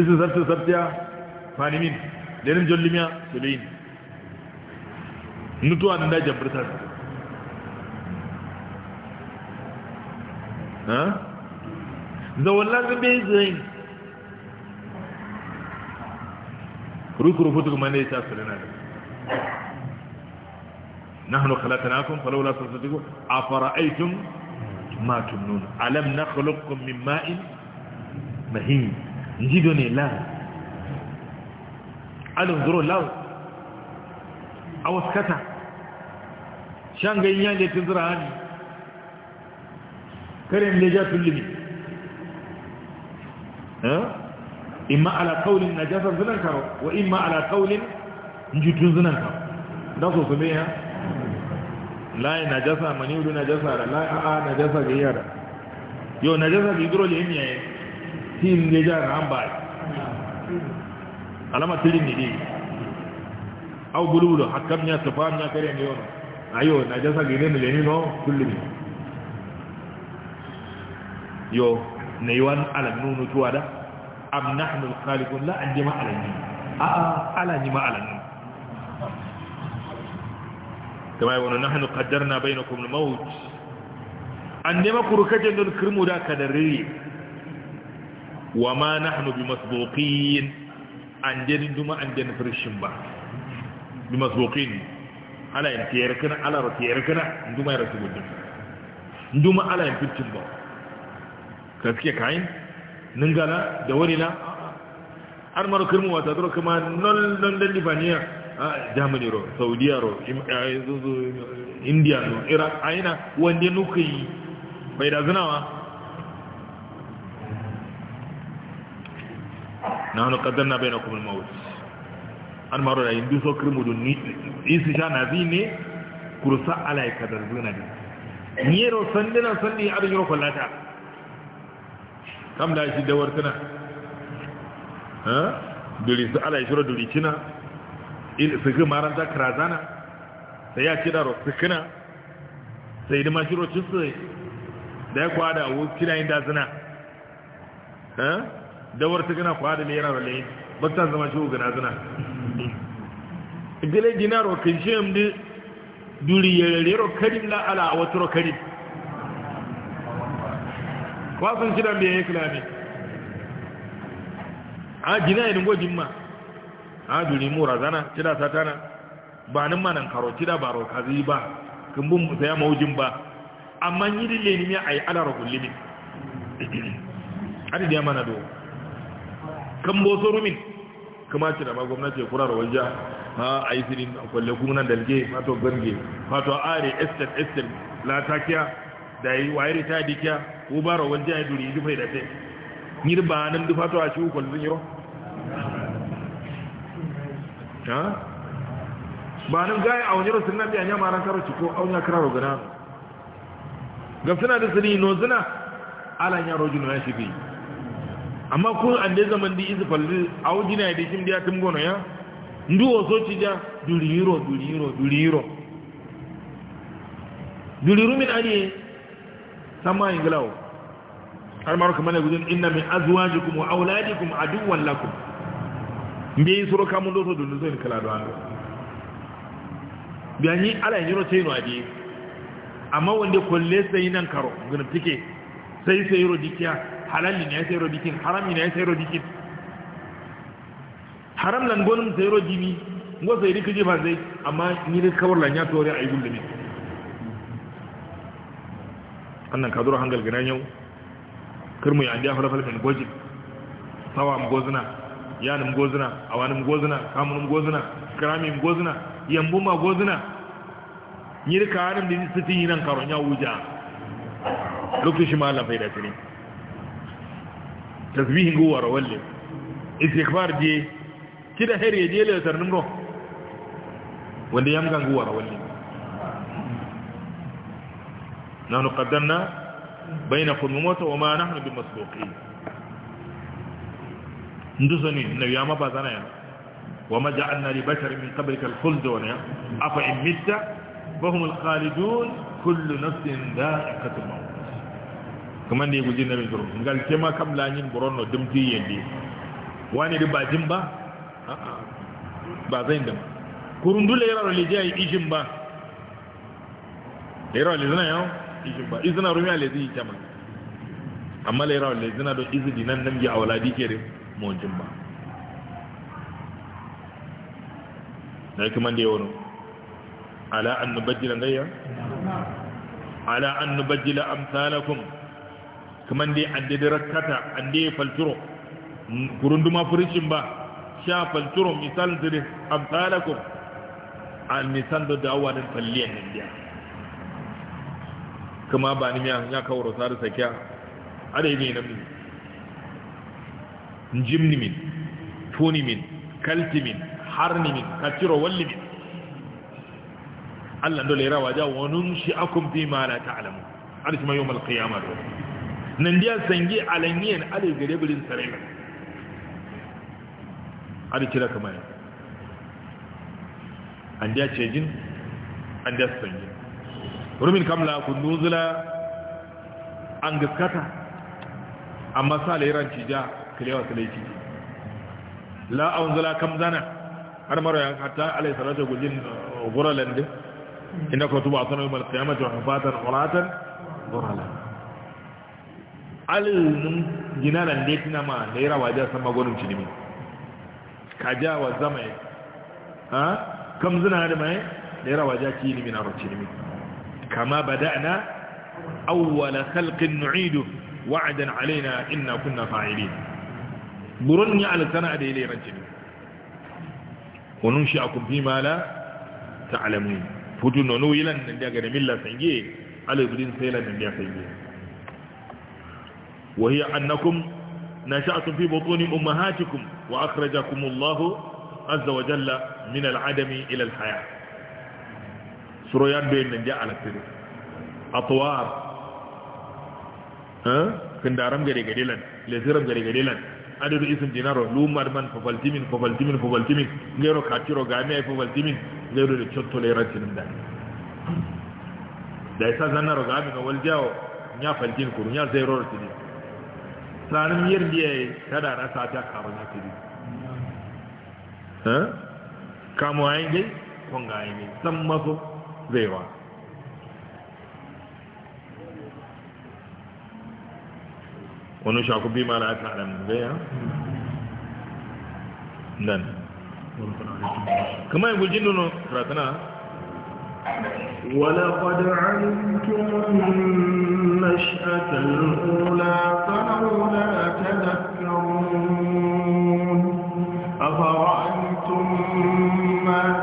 isu sarta sarta fanimin lenin jollimiya sabayin nutuwa da dajin birtar zawon lagabe zai rukurufu duk mana ya tafi da nada نحن خلقناكم فلولا تصدقوا أفرأيتم ما تمنون ألم نخلقكم من ماء mahimmi. jido ne lan alun zuro lan a waskata shan ganyen yanje tun zura hannu karin ja tun limi eh? imma ala kaulin na jasar zunan karo wa imma ala kaulin jitun zunan karo don so su mai ha layi na jasa maniwudu na jasa da layi a'a na jasa ga yara yau na jasa ga hidro da yin yayin tili ne jihar hanbali alama tilin ne ne au bulubulu hakkam ya tafam ya kare ne yono ayo na jasa gine ne leni no ne yo ne yawan alannunu tuwa da am nahnu al-khaliqun la anjima alanni a a ni ma alanni kama na nahnu qaddarna bainakum al-maut kuru kurkajen don kirmu da kadarri wa ma nahnu bi masbuqin an jani duma an jani firshin ba bi masbuqin ala yin tiyar kana ala ro tiyar kana duma ra tubu duma ala yin firshin ba kaske kayan, ningala da wani na har maro kirmu wata zura kuma non non dan libaniya a ah, jamani ro saudiya ro eh, indiya ro iraq aina wanda nukai bai da zinawa nahnu qaddanna bainakum al-maut an maro da hindu so kirmu dun ni isi sha na ne kursa ala kadar zuna bi niyero sandina sandi abin yoro kwallata kam da shi dawar wartuna ha duri su ala yoro duri kina il su ga maranta krazana sai ya kida ro kina sai da mashiro cin su da ya kwada wo kina da zina ha dawar ta gina kwa da naira wale bata ta zama shi gina zina gale dinar wa kan shi amdi duri ya rero rokarin la ala a wata Kwasan kwa sun shi dan biyaye ne a gina yi dingo jimma a duri mura zana cida satana ba nan ma nan karo cida ba ro kazi ba kumbun ya mawujin ba amma yi dille ni mai ayi ala limin [CLEARS THROAT] adi da ya mana do kan boso rumin kuma ce da ma gwamnati ya kura rawar jiha ha a yi sirin a kwalle kunan dalge fato gange fato are estel estel latakiya da yi wayar ta dikiya ko ba rawar jiha ya duri dufai da sai ni ba nan dufa to a shi kwallon yau ha ba nan gaya a wani rasu na biya nyamara karo ciko a wani kiraro gana gamsuna da sani no zina ala ya roji ya shi bi amma ku ande zaman di izu falli awjina de yadda dia tum gono ya ndu o so ci ja duri yiro duri yiro duri yiro duri rumin ani sama inglaw har maro kamane gudun inna min azwajikum wa auladikum aduwwan lakum mbi suro kamun do to dun so kala do ando bi anyi ala yiro teno adi amma wanda kolle sai nan karo gurtike sai sai yiro dikiya halalli ne ya sayar bikin haram ne ya sayar bikin haram nan gonin sayar jini ngo sai rika je zai amma ni da kawar lan ya tore ayi ne annan ka duro hangal gina yau kirmu ya andiya falafal min gojin sawa mu ya yanum gozina awanum gozina kamunum gozina kiramim gozina yambu ma gozina ni da karin da sitin yinan karon ya wuja lokaci ma Allah faida tare تسبيح جوه رواله استغفار جي كده خير يجي له ترنمرو واللي يمك جوه رواله نحن قدمنا بين قدموت وما نحن بمسبوقين ندوسني نبي ما بزنا يا وما جعلنا لبشر من قبلك الخلد ونا أفعل ميتة فهم الخالدون كل نفس ذائقة الموت kamar da ya guji na bidro ngal ma kam lanyin buron no ti yende wani da bajin ba ba zai dam kurundu le yaro le jai ijin ba le yaro le zina yau ijin ba izina rumi a ale yi kama amma da ya le zina don izini nan nan ya awladi kere mu jin ba da kuma da yawon ala an nubaddila gayya ala an nubaddila amsalakum kaman dai addade rakkata adde falturo kurunduma furishin ba sha falturo misal dire amsalakum al misal da dawa da falliyan nan dia kuma ba ni ya ya kawo rosaru sakiya adai ne nan njimni min tuni min kalti min harni min kaciro walli min Allah dole rawa ja wa nunshi akum fi ma la ta'lamu arshi ma yawm al-qiyamah sange a alangiyan ale gare bilin a ada kira kamar andiya cejin andiya sange, rumin kamla kunduzula an gaskata amma sa lairan cija kilewa su laifi la kam kamzana har mara ya hata alai salatu gujin uh, guralandin inda kotu ba a sanar mal kiyamata wa hafatan quratan guralan alin ginaran ne tina ma naira rawa jasa magonin cinimi kaja wa zama ya ha kam zina da mai naira wajen cinimi na cinimi kama ba ana awwala halkin nu'idu wa'adan alaina inna kunna fa'ili burin ya alkana da ilai cinimi wannan shi akun fi mala alamu. futun nono yilan nan daga da millar sange alibirin sai lan nan sange. وهي أنكم نشأتم في بطون أمهاتكم وأخرجكم الله عز وجل من العدم إلى الحياة سريان بين جاء على التريك أطوار ها غري غري لزرم غري غري أدر إسم جنار لومار من ففالتمين ففالتمين ففالتمين غيرو كاتيرو غامي ففالتمين غيرو لشوتو ليرانشن دار دايسا زنارو غامي نوال جاو نيا فالتين كورو نيا زيرو رتدين tsarin yin da ya yi kada rasa na fili kama wa yi gai kun ga yi ne san maso zai wa wani shaku bi ma na ta ɗan zai ya nan kuma yi gujin nuna ratana ولقد علمتم النشأة الأولى فلولا تذكرون أفرأيتم ما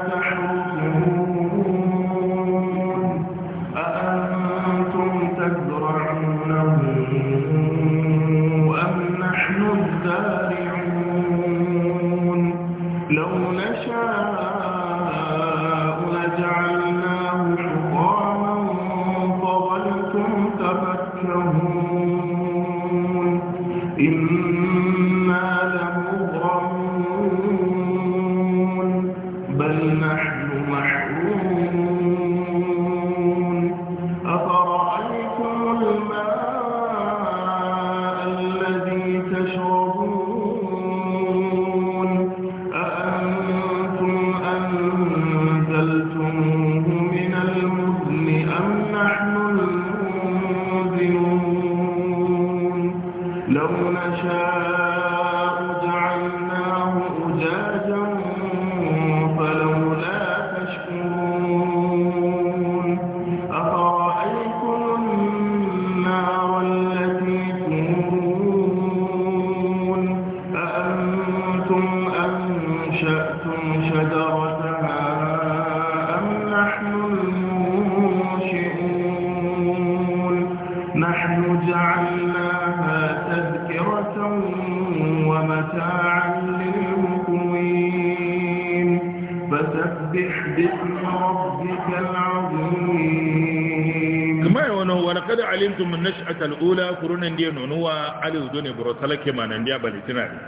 ke biya balitina ne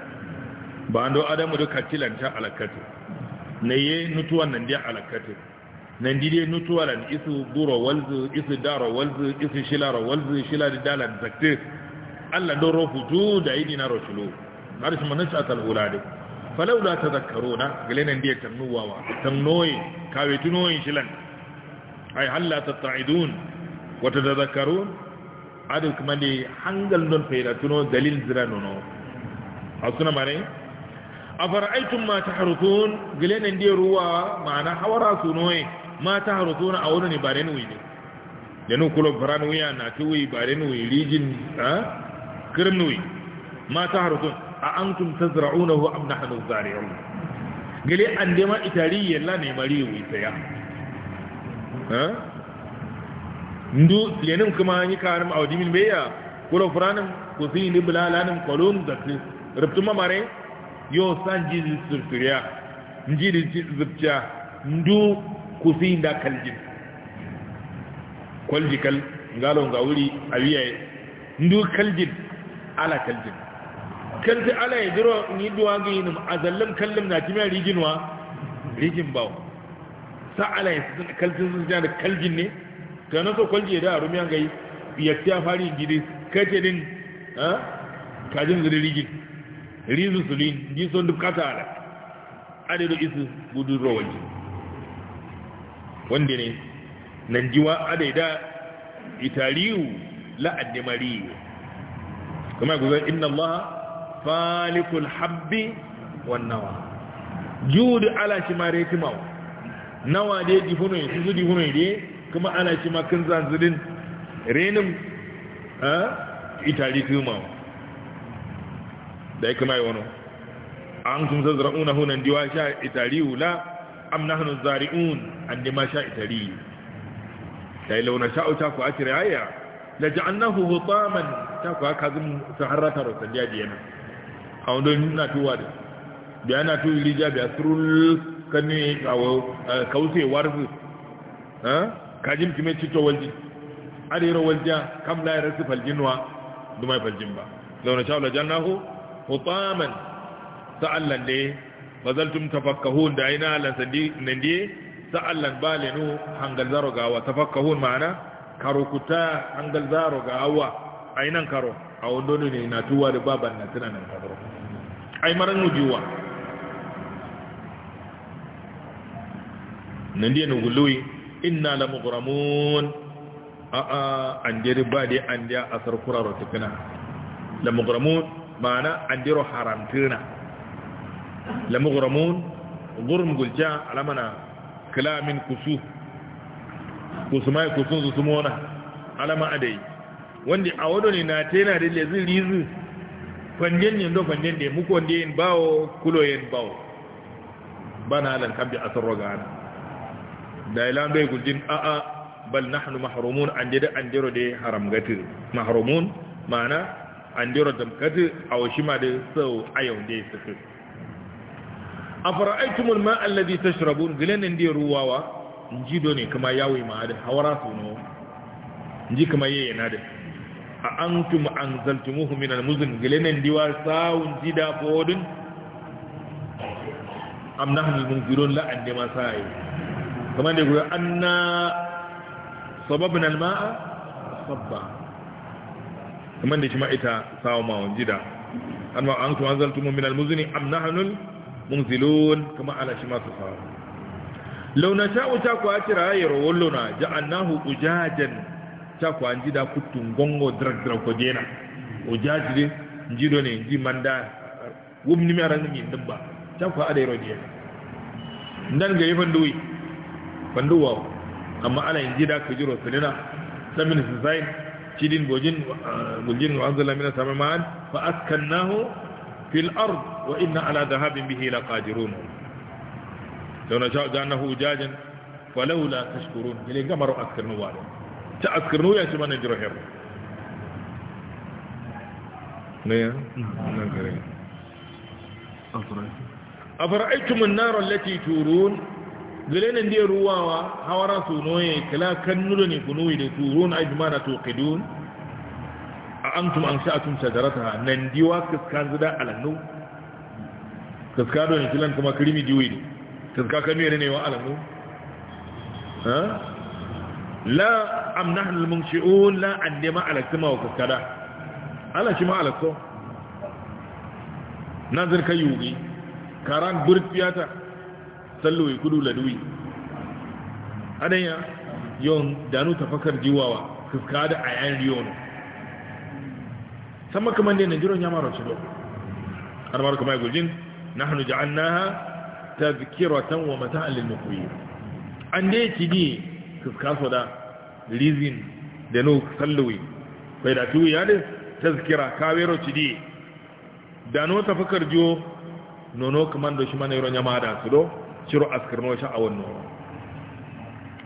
ba do adamu duka kilanta alakatu na ye nutuwa nan biya alakatu nan dide nutuwa lan isu buro walzu isu daro walzu isu shilaro walzu shilari dalan zakte Allah don rofu tu da yi na roshulu har shi manan Ta talulade falawla tadhakkaruna gale nan dia tannuwawa tannoyi kawe tunoyin shilan ai halla Wata wa tadhakkarun adu kuma de hangal non fayda tuno dalil zirano no asuna mare fara'aitun ma taharuthun gilenen de ruwa ma'ana hawara sunoye ma taharuthuna awuna ni bare ni wili denu kulo faran wiya na ta bare ni wili rijin ha kirnui ma taharuthun a antum tazra'unahu am nahnu zari'un gile andema itariye la ne mari wi saya ha ndu lenin kuma ni karam awdimin beya kulo furanin ku fi ni bulalanum kolum zakri ma mare yo sanji zirturiya njiri zirtiya ndu fi da kaljin kwaljikal ngalo ga wuri awiye ndu kaljin ala kaljin kalti ala ya jiro ni duwa ga yinum azallam kallon na jimiya riginwa rigin bawo sa ala ya kaltin sun da kaljin ne to na so kwalje da arumi an gai biyakta fari gidi kace din ha kajin ziririgi rizu suli ji son kata ala do isu gudu rowaji wanda ne nan jiwa da itariyu la addimari kuma ku zai inna allah falikul habbi wan nawa judu ala shimare timawa nawa dai difuno su su difuno dai kuma ana shi ma kan zanzirin renin a itali kuma da ya kuma yi wani an kun san una hunan diwa sha itali wula am na hannun zari'un an ma sha itali da yi launa ta ku ake rayaya da ji an nahu hutaman ta ku haka zin sun harrata rosan jaji yana a wanda nuna tuwa da biya na tuwa rija biya surul kanu eh, kawusewar su Kajin kime cito walji arira walja kam la yarsu faljinwa mai faljin ba law sha'ula sha'ala jannahu hutaman sa'allan de bazaltum tafakkahun da ina lan sadi nan de sa'allan balinu hangal zaro gawa tafakkahun ma'ana karokuta hangal zaro gawa ainan karo a wandoni ne na tuwa da baban na nan karo ai maran nujuwa nan de nugului inna la mughramun a a an diri ba dai an dia asar kuraro tukuna la mughramun ma'ana an diro haramtuna la mughramun gurm gulja alamana kalamin kusu kusumai kusun su sumona alama adai wanda a wado ne na tena da lezi rizu fanjen yin do fanjen da muku wanda yin bawo kulo yin bawo bana halan kambi asar rogana da ilan bai a a'a bal nahnu mahrumun an jira an jira da haram gatu mahrumun mana an jira da kadu a washi ma da sau a yau da su fi a ma alladhi tashrabun gilan da ruwawa inji do ne kuma yawo ma da hawara su no inji kuma yayi na da a antum anzaltumuhu min almuzn gilanin wa sawun jida bodun am nahnu munzirun la an jama sai kamar da goyi an na sababin alma'a sabba kamar da shi ita sawa mawon jida an ma an kuma zartu min almuzini am hannun. munzilun kamar ala shi masu sawa launa sha'u ta kuwa cira ya rawar launa ja'annahu ujajen ta kuwa jida kutun gongo drag drag ko jena ujajire jido ne ji manda wumni mi aran mi dubba ta kuwa ada yaro jena ndan ga yi fanduwi fanduwa amma ala yin jida ka jiro sunina dan min sisain cidin bojin guljin wa anzala min samaan fa askannahu fil ard wa inna ala dhahabin bihi laqadirun law nasha janahu ujajan falawla tashkurun ile gamaru askarnu wa ta askarnu ya ci mana jiro her ne nan kare أفرأيتم النار التي تورون gelenan dia ruwawa hawara su noye kala kannulu ni kunuwi da turun ajmana to qidun antum ansha'atum shajarata nan diwa kaska zida alannu kaska do ne kilan kuma krimi diwi kaska kanu ne wa alannu ha la am nahnu almunshi'un la andima ala sama wa kaskada ala shi ma ala so nazir kayugi karan burfiyata sallu ya kudu laduwi? adanya yon danu tafakar jiwawa fuska da ayan riyon sama kaman da najiron ya mara shi do har mara kuma gujin nahnu ja'alnaha tadhkiratan wa mata'an lil muqwin an dai ci ne fuska so da rizin da no sallu bai da tuwi ya da tazkira kawero ci di danu tafakar jiwo nono kaman da shi mana yaron ya mara su do ciro askirno sha awon noro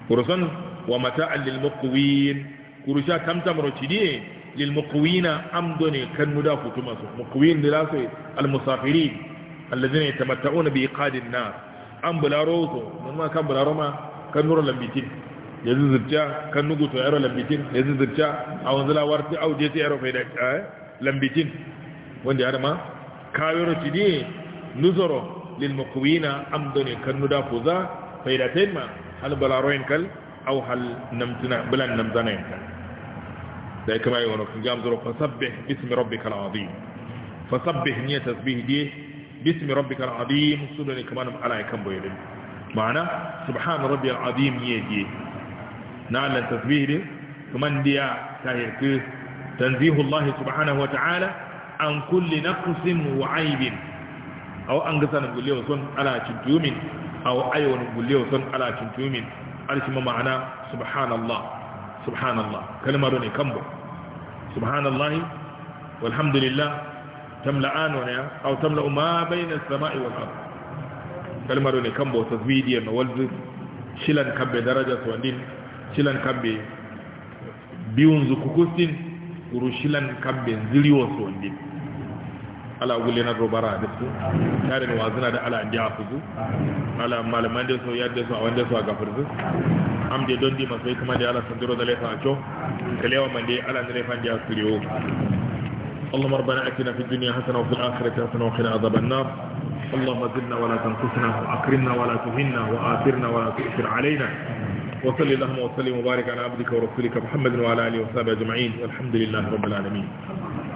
kurusan wa mata'an lil muqwin kurusha tamtam rochidi lil muqwina amdone kanuda kutuma su muqwin da su al musafirin alladhina yatamatta'una bi iqadin nas an bularo su mun ma kan bularo ma kan nura lambitin ya zuzurta kan nugu to yaro lambitin ya zuzurta a wanzu lawar ta auje ta yaro eh, ya للمقوين عمدن كندا فوزا فإذا تيما هل بلاروين كل أو هل نمتنا بلا نمتنا كل ذلك كما يقولون في ذلك فسبح باسم ربك العظيم فسبح نية تسبيه دي باسم ربك العظيم سنوني كمان على كم بيلم معنى سبحان ربي العظيم نية دي نعلن تسبيح دي كمان دي تنزيه الله سبحانه وتعالى عن كل نقص وعيب aw angasan gulew son ala cintumin aw aywan gulew son ala cintumin alshima ma'ana subhanallah subhanallah kalmar ne kambo subhanallah walhamdulillah tamla'an wa ya aw tamla'u ma bayna as-sama'i wal ard kalmar ne kambo tasbidiyan walzu shilan kambe daraja swandin shilan kabbe biyun zukukustin kambe kabbe ziliwo swandin ala gulena robara da su tare da wazina da ala ndiya fuzu ala malaman da su yadda su a wanda su a gafirzu am de don di masai kuma da ala sanduro da lefa a co kalewa man da ala lefa ndiya su riwo اللهم ربنا اتنا في الدنيا حسنه وفي الاخره حسنه وقنا عذاب النار اللهم زدنا ولا تنقصنا واكرمنا ولا تهنا واثرنا ولا تؤثر علينا وصل اللهم وسلم وبارك على عبدك ورسولك محمد وعلى اله وصحبه اجمعين والحمد لله رب العالمين